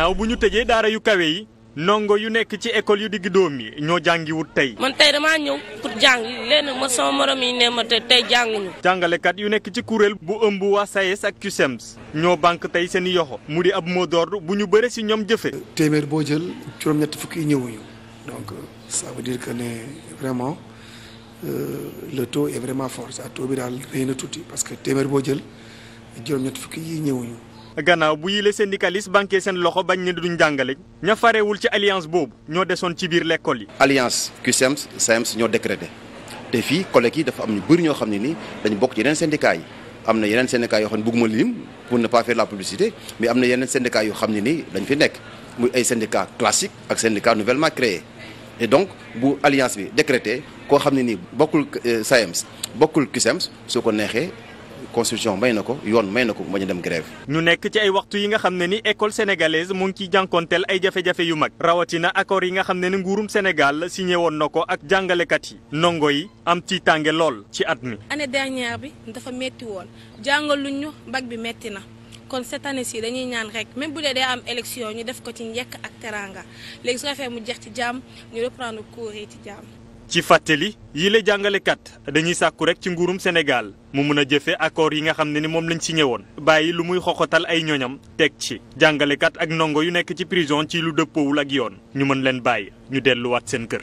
naaw bu ñu tëjee daara yu kawe yi ndongo yu nekk ci école yu digg doom yi ñoo jàngiwut tey. man tey damaa ñëw pour jàng lenn ma sama morom yi ne ma te tey jànguñu. jàngalekat yu nekk ci kuréel bu ëmb waa SAES ak CUSEMS ñoo banque tey seen i yoxo mu di ab mot d'ordre bu ñu bëre si ñoom jëfe téeméer boo jël juróom-ñett fukki ñëwuñu donc ça veut que ne vraiment euh, le taux est vraiment fort ça taux bi na tuuti parce que téeméer boo jël juróom-ñett fukki yi ñëwuñu. gannaaw bu yile syndicaliste banqué seen loxo bañ ne duñ jàngale ña farewul ci alliance boobu ñoo desoon ci biir l'école yi. alliance CUSEMS SAEMS ñoo décrété te fii collègues yi dafa am ñu bëri ñoo xam ne nii dañu bokk ci yeneen syndicats yi. am na yeneen syndicats yoo xam ne bëgguma lim pour am na yeneen syndicats yoo xam ne nii dañ fi nekk muy ay syndicats classiques ak syndicats nouvellement créés et donc bu alliance bi décrété koo xam ne nii bokkul SAEMS euh, e bokkul CUSEMS soo ko neexee. constitution may na ko yoon may na ko bañ ñu dem grève. ñu nekk ci ay waxtu yi nga xam ne ni école sénégalaise mu ngi ciy jànkonteel ay jafe yu mag rawatina accord yi nga xam ne ni nguurum Sénégal signé woon na ko ak jàngalekat yi ndongo yi am ci tànge lool ci at mi. année dernière bi dafa metti woon jàngaluñu mbag bi metti na. kon cette année ci dañuy ñaan rek même bu dee dee am élection ñu def ko ci njekk ak teranga léegi su ko mu jeex ci jàmm ñu reprendre cours ci jàmm. ci fàttali yi la jàngalekat dañuy sàkku rek ci ngurum Sénégal mu mun a jëfe accord yi nga xam ne ni moom lañ si woon bàyyi lu muy xoxotal ay ñoñam teg ci jàngalekat ak ndongo yu nekk ci prison ci lu dëppoowul ak yoon ñu mën leen bàyyi ñu delluwaat seen kër